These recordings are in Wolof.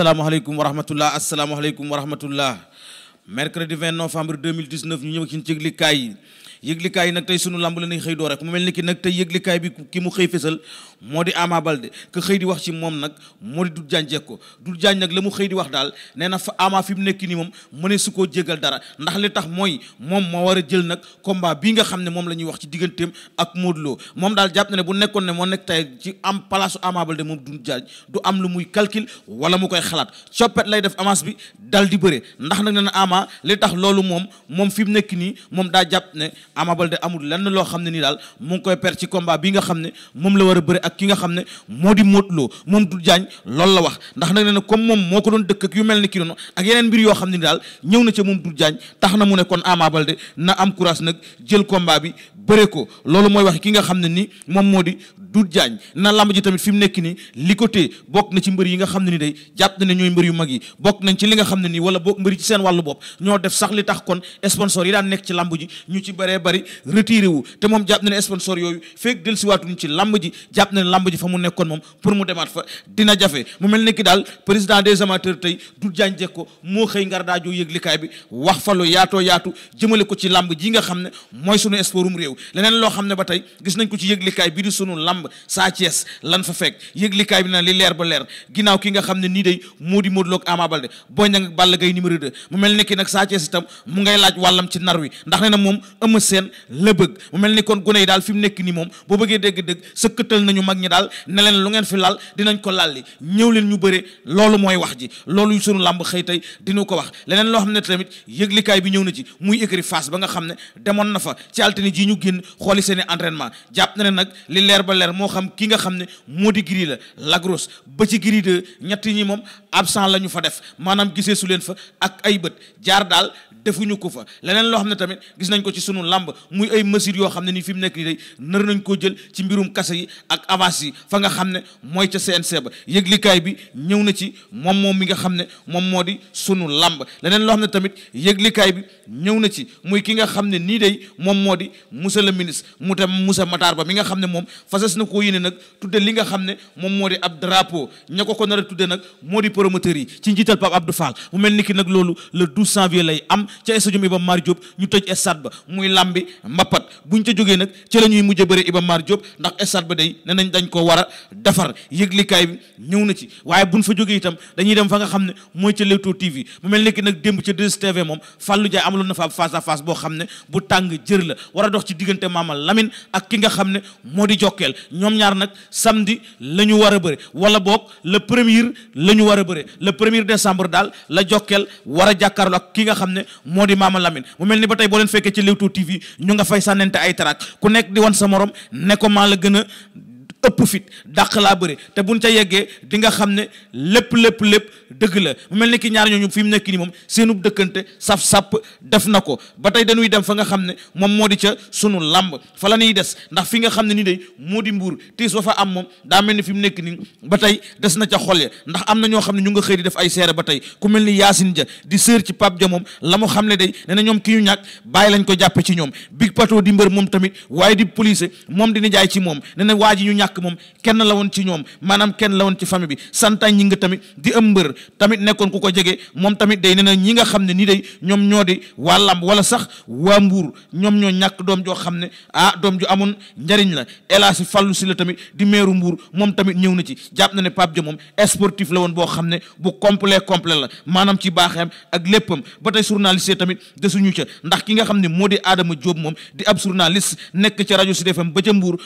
asalaamaaleykum wa rahmatullah asalaamaaleykum wa rahmatullah mercredi 20 novembre 2019 ñu ñëw ci yëglikaay yi yëglikaay yi nag tey sunu lamb la xëy doo rek mu mel ni ki nag tey yëglikaay bi ki mu xëy fësal moo di Ama Baldé que xëy di wax ci moom nag moo di Doudou Diagne Diecko Doudou Diagne nag la mu xëy di wax daal nee na fa Ama fi mu nekk nii moom mënee su koo jégal dara ndax li tax mooy moom moo war a jël nag combat bii nga xam ne moom la ñuy wax ci digganteem ak Modou Lo moom daal jàpp bu nekkoon ne moo nekk tey ci am place Ama Baldé moom Doudou Diagne du am lu muy calcul wala mu koy xalaat coppet lay def avance bi dal di bëre ndax nag nee na Ama li tax loolu moom moom fi mu nekk nii moom daa jàpp ne Ama de amul lenn loo xam ne nii daal mu ngi koy per ci combat bi nga xam ne moom la war a bëre ak ki nga xam ne moo di Modou Lo moom du jaañ loolu la wax ndax nag nee na comme moom moo ko doon dëkk yu mel ni ki noonu ak yeneen mbir yoo xam ne daal ñëw na ca moom du tax na mu ne kon Ama Baldé na am courage nag jël combat bi ko loolu mooy wax ki nga xam ne ni moom moo di du jaañ na lamb ji tamit fi mu nekk nii li ko tee bokk na ci mbër yi nga xam ne ni day jàpp na ne ñooy mbër yu mag yi bokk nañ ci li nga xam ne nii wala bokk mbër yi ci seen wàllu bopp ñoo def sax li tax kon sponsor yi daan nekk ci lamb ji ñu ci bëree bari retiré wu te moom jàpp na ne sponsor yooyu feek ci lamb ji ne lamb ji fa mu nekkoon moom pour mu demaat fa dina jafe mu mel ni daal président des amateurs tey du jànje ko moo xëy ngar daajoo yëglikaay bi wax fa yaatoo yaatu jëmale ko ci lamb ji nga xam ne mooy sunu sportum réew leneen loo xam ne ba tey gis nañ ko ci yëglikaay bi di sunu lamb saa Thiès lan fa fekk yëglikaay bi na li leer ba leer ginnaaw ki nga xam ne nii day moo di Modou Lo ak Ama Baldé Boy Niang ak Balla Gaye ki nag saa Thiès itam mu ngay laaj wàllam ci na moom Eumeu Sène la bëgg mu mel ni kon mag ñi daal ne leen lu ngeen fi laal dinañ ko laal li leen ñu bëre loolu mooy wax ji loolu sunu làmb xëy tey dinu ko wax leneen loo xam ne tamit yëglikaay bi ñëw na ci muy écrit face ba nga xam ne demoon na fa ci altine ji ñu génn xooli seeni entraînement jàpp na ne nag li leer ba leer moo xam ki nga xam ne moo di gri la lagros ba ci giri de ñett ñi moom absent la ñu fa def maanaam gisee su leen fa ak ay bët jaar daal defuñu ko fa leneen loo xam ne tamit gis nañ ko ci sunu làmb muy ay mesures yoo xam ne nii fi mu nekk nii day nar nañ koo jël ci mbirum kase yi ak avance yi fa nga xam ne mooy ca CNC ba yëglikaay bi ñëw na ci moom moom mi nga xam ne moom moo di sunu làmb leneen loo xam ne tamit yëglikaay bi ñëw na ci muy ki nga xam ne nii day moom moo di monsieur le ministre mu tam Moussa Matar Ba mi nga xam ne moom fasas na koo yéene nag tudde li nga xam ne moom moo di ab drapeau ña ko ko nar a tudde nag moo di promoteurs yi ci njiital Pape Abdou Fall mu mel ni ki nag loolu le 12 janvier lay am ca stade Iba Mar Diop ñu tëj stade ba muy làmbi mbappat buñ ca jógee nag ci la ñuy mujj bëre Iba Mar Diop ndax stade ba day ne nañ dañ ko war defar yëglikaay bi ñëw na ci waaye bu buñ fa jógee itam dañuy dem fa nga xam ne mooy ca Leewtoo TV mu mel ni ki nag démb ca 2STV moom Fallou Ndiaye amaloon na fa ab face à face boo xam ne bu tàng jër la war a dox ci diggante Mama Lamine ak ki nga xam ne moo di jokkeel ñoom ñaar nag samedi la ñu war a bëre wala boog le premier la ñu war a bëre le premier décembre daal la jokkeel war moo di Maama lamin mu mel ni ba tey boo leen fekkee ci Leewtoo TV ñu nga fay sànnente ay taraak ku nekk di wan sa morom ne ko maa la gën ëpp fit dàq laa bëri te buñ ca yeggee di nga xam ne lépp lépp lépp dëgg la mu mel ni ki ñaar ñooñu fi mu nekk ni moom seenub dëkkante saf sàpp def na ko ba tey dañuy dem fa nga xam ne moom moo di ca sunu làmb fa la ñuy des ndax fi nga xam ne ni day moo di mbuur tiis ba fa am moom daa mel ni fi mu nekk ni ba tey des na ca xol ya ndax am na ñoo xam ne ñu nga xëy di def ay seere ba tey ku mel ni Yaasin ja di sër ci Pape ja moom la mu xam ne day ne ñoom ki ñu ñàkk bàyyi lañ ko jàppe ci ñoom Big Pato moom tamit waaye di police moom dina jaay ci moom ñàkk moom kenn la woon ci ñoom maanaam kenn la woon ci famille bi santan ñi nga tamit di am mbër tamit nekkoon ku ko jege moom tamit day nee na ñi nga xam ne nii day ñoom ñoo di waa làmb wala sax waa mbuur ñoom ñoo ñàkk doom joo xam ne ah doom ju amoon njariñ la Elhadji si Sylla tamit di meeru mbuur moom tamit ñëw na ci jàpp na ne Pape Dia moom sportif la woon boo xam ne bu complet complet la maanaam ci baaxeem ak léppam ba tey journaliste tamit de ñu ca ndax ki nga xam ne moo di Adama Diop moom di ab journaliste nekk ca rajo si FM ba ca mbuur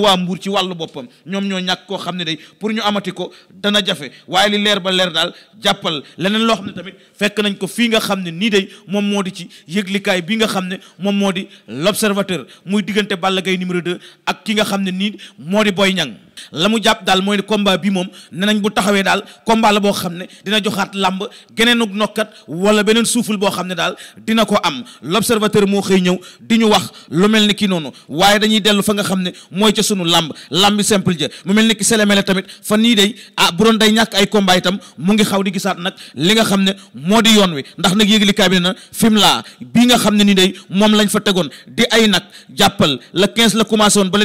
na waa mbuur ci wàllu boppam ñoom ñoo ñàkk koo xam ne day pour ñu amati ko dana jafe waaye li leer ba leer daal jàppal leneen loo xam ne tamit fekk nañ ko fii nga xam ne nii day moom moo di ci yëglikaay bii nga xam ne moom moo di l'observateur muy diggante Balla Gaye numéro 2 ak ki nga xam ne nii moo di Boy Niang la mu jàpp daal mooy ne combat bi moom ne nañ bu taxawee daal combat la boo xam ne dina joxaat làmb geneenuk nokkat wala beneen suuful boo xam ne daal dina ko am l'observateur moo xëy ñëw di ñu wax lu mel ni kii noonu waaye dañuy dellu fa nga xam ne mooy ca sunu làmb làmb simple ja mu mel ni ki selemele tamit fa nii day ah bu doon day ñàkk ay combat itam mu ngi xaw di gisaat nag li nga xam ne moo di yoon wi ndax nag yéeglikaay bi ne na fi mu laa bii ne nii day moom lañ fa tegoon di ay nag la la commencé woon ba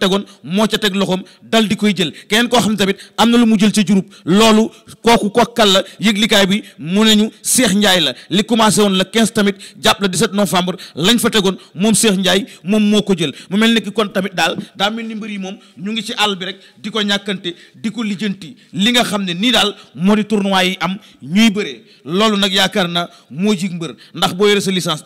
tegoon moo ca teg loxoom dal di koy jël keneen koo xam ne tamit am na lu mu jël ca jurub loolu kooku kokkal la yëglikaay bi mu nañu Cheikh Ndiaye la li commencé woon la 15 tamit jàpp la 17 novembre lañ fa tegoon moom Cheikh Ndiaye moom moo ko jël mu mel ne ki kon tamit daal daa mel ni mbir yi moom ñu ngi ci àll bi rek di ko ñàkkante di ko lijjanti li nga xam ne nii daal moo di tournoi yi am ñuy bëree loolu nag yaakaar na moo jig mbër ndax boo yore sa licence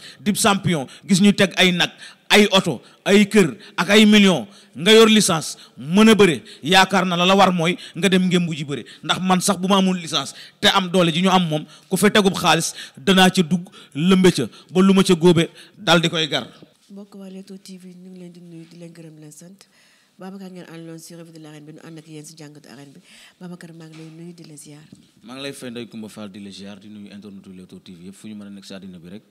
gis ñu teg ay nag ay oto ay kër ak ay million nga yor licence mën a bëre yaakaar na la la war mooy nga dem ngém ji bëre ndax man sax bu ma amul licence te am doole ji ñu am moom ku fa tegub xaalis danaa ca dugg lëmbe ca ba lu ma ca góobe dal di koy gar mbokk ñu ngi leen di nuyu di leen gërëm leen sant Babacar ngeen àndaloon si revue de l'arène bi ñu ànd ak yéen si jàngatu arène bi Babacar maa ngi lay nuyu di la ziar. maa ngi lay di la yëpp fu ñu mën a nekk si àddina ngi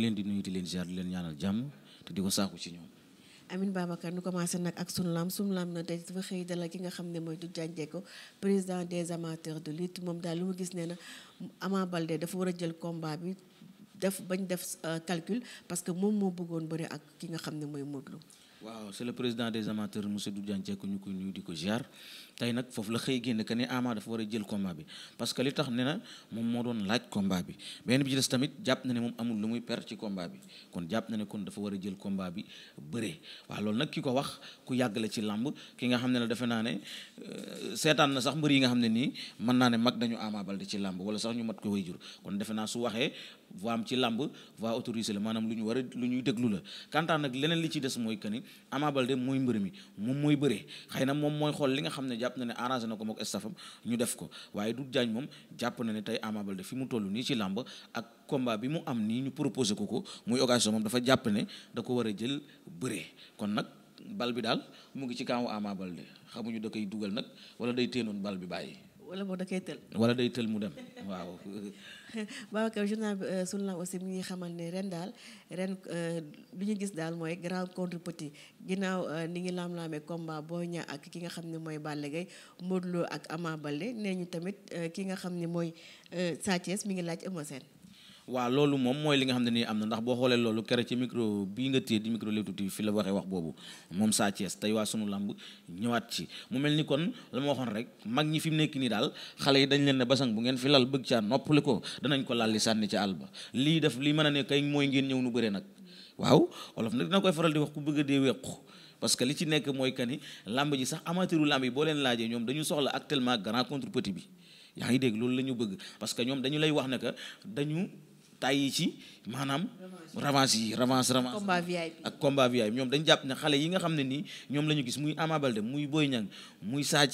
leen di nuyu di leen ziar leen ñaanal jàmm te di ko saaku ci ñoom. Amin Babacar ñu commencé nag ak sunu lam sunu lam na tey dafa xëy dalal ki nga xam ne mooy Doudou Diagne Diecko président des amateurs de lutte moom daal lu mu gis nee na Ama Baldé dafa war a jël combat bi def bañ def euh, calcul parce que moom moo bëggoon bëri ak ki nga xam ne mooy Modou waaw c'est le président des amateurs monsieur Doudiane Diecko ñu di ko ziar tey nag foofu la xëy génn que ne Ama dafa war a jël combat bi parce que li tax ne na moom moo doon laaj komba bi benn bi ci des tamit jàpp na ne moom amul lu muy per ci combat bi kon jàpp na ne kon dafa war a jël combat bi bëre waa loolu nag ki ko wax ku yàgg la ci làmb ki nga xam ne la defe naa ne euh, seetaan na sax mbër yi nga xam ne nii mën naa ne mag dañu Ama Baldé ci làmb wala sax ñu mat ko wayjur kon defe naa su waxee voix am ci làmb voix autorisée la maanaam lu ñu war a lu ñuy déglu la kantaan nag leneen li ci des mooy que Ama Baldé mooy mbër mi moom mooy bëree xëy na moom mooy xool li nga xam ne jàpp na ne arrangé na ko mook staffam ñu def ko waaye du jaañ moom jàpp na ne tey Ama Baldé fi mu toll nii ci làmb ak combat bi mu am nii ñu proposé ko ko muy occasion moom dafa jàpp ne da ko war a jël bëree kon nag bal bi daal mu ngi ci kaawu Ama Baldé xamuñu da koy dugal nag wala day teenoon bal bi bàyyi wala moo da koy tël wala day tël mu dem waaw Babacar journal euh, sunu lam aussi mi ngi xamal ne ren daal ren euh, lu ñu gis daal mooy grand contre petit ginnaaw euh, ni ngi laam-laamee combat Boy ña ak ki nga xam ne mooy Balla Gaye Modou Lo ak Ama Baldé nee ñu tamit ki nga xam ni mooy Sa Thiès mi ngi laaj Eumeu Sène waaw loolu moom mooy li nga xam ne nii am na ndax boo xoolee loolu kere ci micro bii nga téye di micro Leewtoo TV fi la waxee wax boobu moom Sa Thiès tey waa sunu làmb ñëwaat ci mu mel ni kon la ma waxoon rek mag ñi fi mu nekk nii daal xale yi dañ leen ne basang bu ngeen fi lal bëgg caa noppali ko danañ ko lal li sànni ci àll lii def lii mën a ne kay mooy ngeen ñëw nu bëree nag waaw olof nag dina koy faral di wax ku bëgg a dee wequ parce que li ci nekk mooy kani làmb ji sax amateuru làmb yi boo leen laajee ñoom dañu soxla actuellement grand contre petit bi yaa la ñu bëgg parce que ñoom dañu lay wax ne que tàyyi ci maanaam. revanche yi revanche revanche. combat VIP ak combat ñoom dañ jàpp ne xale yi nga xam ne nii ñoom la ñu gis muy Ama Baldé muy Boy Niang muy Sa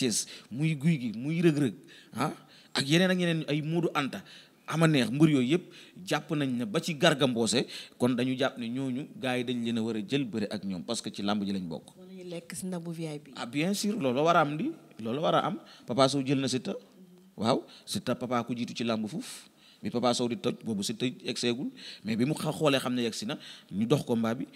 muy guy gi muy Reug Reug ah ak yeneen ak yeneen ay Modou Anta. ama neex mbër yooyu yëpp jàpp nañ ne ba ci garga mboose kon dañu jàpp ne ñooñu gars yi dañ leen a war jël bëre ak ñoom parce que ci làmb ji lañ bokk. lekk si ndabu VIP bi. ah bien sûr loolu war a am di loolu war a am papa soo jël na Siteu waaw Siteu papa ku jiitu ci làmb fuuf bi Papa Sow di toj boobu si tëj egg seegul mais bi mu xoolee xam ne yegg si na ñu dox ko combat bi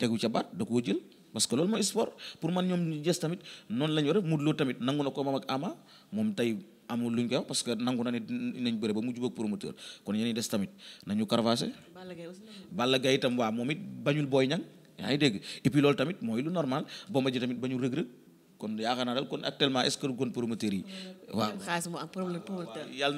tegu ca baat da koo jël parce que loolu ma sport pour man ñoom ñu tamit noonu la ñu war Modou tamit nangu na ko moom ak Ama moom tey amul luñ koy wax parce que nangu na ne dinañ bëre ba mu jubóog promoteur kon ñeneen des tamit nañu caravaché. Balla Gaye aussi Balla Gaye waa moom it bañul Boy Niang yaa ngi dégg et puis tamit mooy lu normal Bombardier tamit bañul Reug Reug kon yaakaar naa daal kon actuellement est-ce que kon promoteurs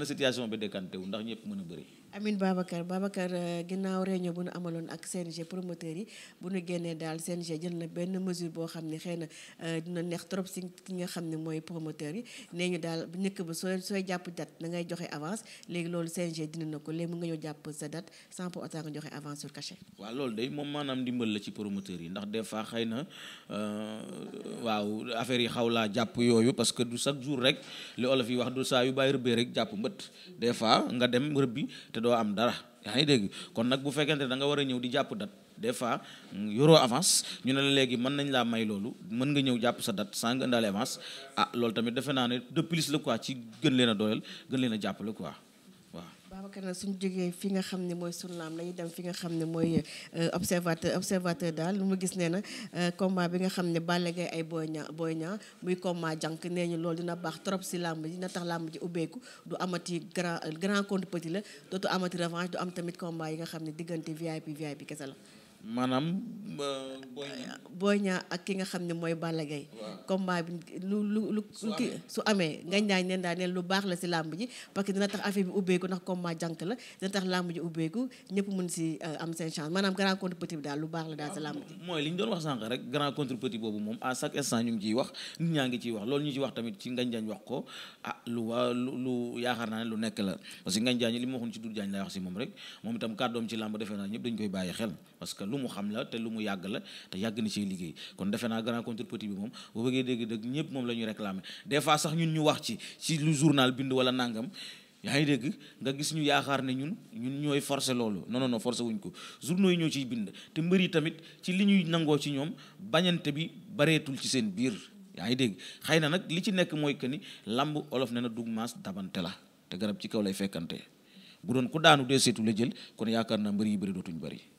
na situation bi décanté wu ndax ñëpp mën a bëri. Amin Babacar Babacar euh, ginnaaw réunion bu nu amaloon ak CNG promoteur yi bu nu génnee daal CNG jël na benn mesure boo xam ni xëy na euh, dina neex trop si ki nga xam ne mooy promoteur yi nee ñu daal bu njëkk ba sooy sooy jàpp date da joxe avance léegi loolu CNG dina na ko léegi mu nga ñëw jàpp sa date sans pour autant nga joxe avance sur cachet. waaw loolu day moom maanaam dimbal la ci promoteur yi ndax des fois xëy na euh, waaw affaire yi xaw laa jàpp yooyu parce que du chaque jour rek li olof wax du saa yu bàyyi rëbbee rek jàpp mbët des fois nga dem rëbbi doo am dara yaa ngi dégg kon nag bu fekkente da nga war a ñëw di jàpp dat des fois mm, yoroo avance ñu ne la léegi mën nañ laa may loolu mën nga ñëw jàpp sa dat sans nga indaale avance ah loolu tamit defe naa ne de plus la quoi ci gën leen a dooleel gën leen a jàppale quoi mbokk na suñ jógee fi nga xam ne mooy Sunlam lañu dem fi nga xam ne mooy euh, observateur observateur daal lu mu gis nee na euh, combat bi nga xam ne Balla ay Boy Niang Boy Niang muy combat jànk nee ñu loolu dina baax trop si làmb ji dina tax làmb ji ubbeeku du amati grand grand contre petit la dootu amati revanche du am tamit combat yi nga xam ne diggante VIP VIP kese la maanaam. Euh, Boy Niang ak ki nga xam ne mooy Balla Gaye. combat bi lu lu lu ki su amee ngañ daañ neen daa neen lu baax la si làmb ji parce que dina tax affaire bi ubbeeku ndax combat jànk la ñëpp mun si euh, am seen chance maanaam daal lu baax la daal si làmb ji. mooy li ñu doon wax sànq rek grand contre petit boobu moom à chaque instant ñu ngi ciy wax nit ñaa ngi ciy wax loolu ñu ci wax tamit ci ngañ daañ wax ko ah lu waa lu lu yaakaar naa ne lu nekk la parce que ngañ daañ li ma waxoon ci Doudou Diagne lay wax si moom rek moom itam ñëpp dañ koy bàyyi xel lu mu xam la te lu mu yàgg la te yàgg na ciy liggéey kon defe naa grand contre petit bi moom boo bëggee dégg dëgg ñëpp moom la ñuy réclamer des fois sax ñun ñu wax ci ci lu journal bind wala nangam yaa ngi dégg nga gis ñu yaakaar ne ñun ñun ñooy forcer loolu non non non wuñ ko journaux yi ñoo ciy bind te mbër yi tamit ci li ñuy nangoo ci ñoom bañante bi bareetul ci seen biir yaa ngi dégg xëy na nag li ci nekk mooy que ni lamb olof ne na dug maas dabante la te ci kaw lay fekkante bu doon ku jël kon yaakaar naa mbër yi bëri dootuñ bëri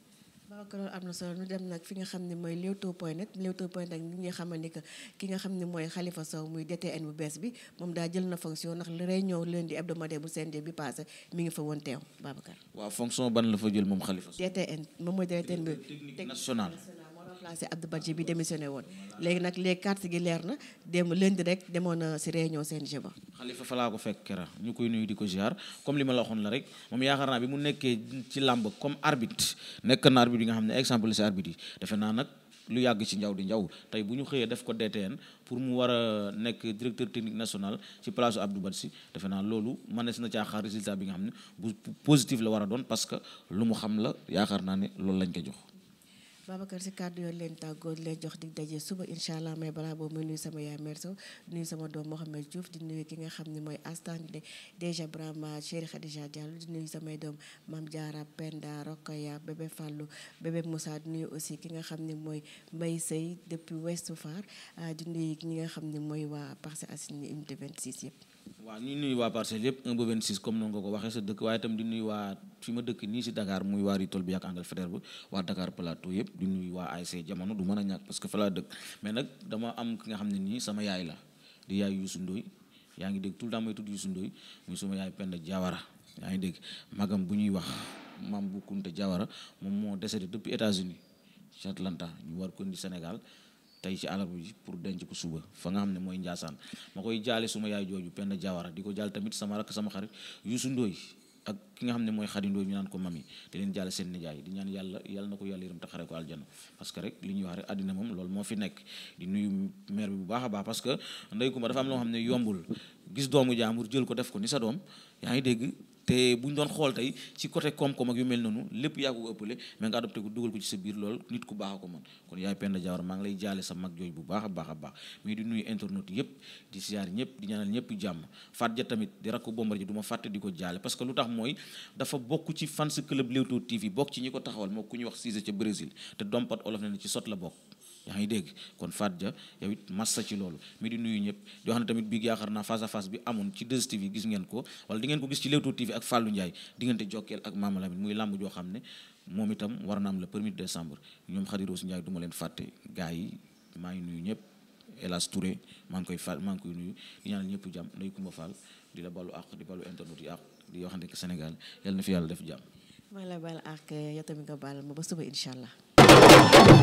ko loolu am na solo ñu dem nag fi nga xam ne mooy Leewtoo point net Leewtoo point net ñi nga xamal ni ki nga xam ne mooy Khalifa Sow muy DTN bu bees bi moom daa jël na fonction ndax réunion lundi hebdomadaire bu CNG bi passé mi ngi fa woon teew Babacar. waaw fonction ban la fa jël moom Khalifa Sow. DTN moom mooy DTN bi. technique nationale. remplacé Abdou Badji bi démissionné woon léegi nag léegi carte gi leer na dem lundi rek demoon na si réunion CNG ba Xalifa fa ko fekk kera ñu koy nuyu di ko ziar comme li ma la waxoon rek moom yaakaar naa bi mu nekkee ci làmb comme arbitre nekk na arbitre yi nga xam ne exemple si arbitre yi defe naa nag lu yàgg ci njaw di njaw tey bu ñu xëyee def ko DTN pour mu war a nekk directeur technique national ci place Abdou Badji defe naa loolu mënees na caa xaar résultat bi nga xam ne bu positif la war a doon parce que mu xam la yaakaar naa loolu lañ ko jox Babacar si kàddu yoon leen tàggoo leen jox dig daje suba incha allah mais balaa boobu muy nuyu sama yaay Merso di nuyu sama doom Mohamed Diouf di nuyu ki nga xam ni mooy astande déjà Brahma Chéri Khadija jàll di nuyu samay doom Mame Diarra Penda Rokhaya bébé Fallou bébé Moussa di aussi ki nga xam ni mooy Mbaye Seye depuis Ouest Foire ah, di nuyu ki nga xam ni mooy waa Parcelles Assainies unité 26 yëpp. waaw ni nuyu waa parcelle yëpp 1 ba 26 comme noonu nga ko waxee sa dëkk waaye itam di nuyu waa fi ma dëkk nii si Dakar muy waa Ritol bi ak Angalfeder bi waa Dakar Plateau yëpp di nuyu waa ASC jamono du mën a ñàkk parce que fa laa dëkk mais nag am ki nga xam ne nii sama yaay la di yaay Youssou Ndoye yaa ngi dégg tout le temps may tudd Youssou Ndoye muy sama yaay Penda Diawara yaa ngi dégg magam bu ñuy wax maam bu Kunta jawara moom moo décédé depuis États-Unis ci Atlanta ñu war ko indi Sénégal tey ci àllarba ji pour denc ko suba fa nga xam ne mooy Njaasaan ma koy jaale suma yaay jooju Penda Jawara di ko jaal tamit sama rakk sama xarit Youssou Ndoye ak ki nga xam ne mooy Xadi Ndoye ñu naan ko mami di leen jaale seen nijaay di ñaan yàlla yàlla na ko yàlla yërëm taxare ko aljana parce que rek li ñuy wax àddina moom loolu moo fi nekk di nuyu maire bi bu baax a baax parce que ndey Kumba dafa am loo xam ne yombul gis doomu jaambur jël ko def ko ni sa doom te bu ñu doon xool tey ci côté koom-koom ak yu mel noonu lépp yaa ko ëppale mais nga adopté ko dugal ko ci sa biir lool nit ku baax a ko mën kon yaay Penda Diawara maa ngi lay jaale sa mag jooju bu baax a baax a baax mais di nuyu internautes yëpp di siyaar ñëpp di ñaanal ñëpp jàmm faat ja tamit di rakku Bombardier ji du ma fàtte di ko jaale parce que lu tax mooy dafa bokk ci fans club Leewtoo TV bokk ci ñi ko taxawal moo ku ñu wax Cissé ca Brésil te dompat olof ne sot la bokk yaa ngi dégg kon Fatou Dia yow it massa ci loolu mi di nuyu ñëpp di wax ne tamit bii yaakaar naa face à face bi amoon ci 2STV gis ngeen ko wala di ngeen ko gis ci Leewtoo TV ak Fallou Ndiaye diggante Jokkeel ak Mama Lamine muy làmb joo xam ne moom itam war na am le premier décembre ñoom Khady Rose Ndiaye du ma leen fàtte gars yi maa ngi nuyu ñëpp Elas Touré maa ngi koy fal maa koy nuyu di ñaanal ñëpp jàmm nday Kumba Fall di la balu àq di balu internet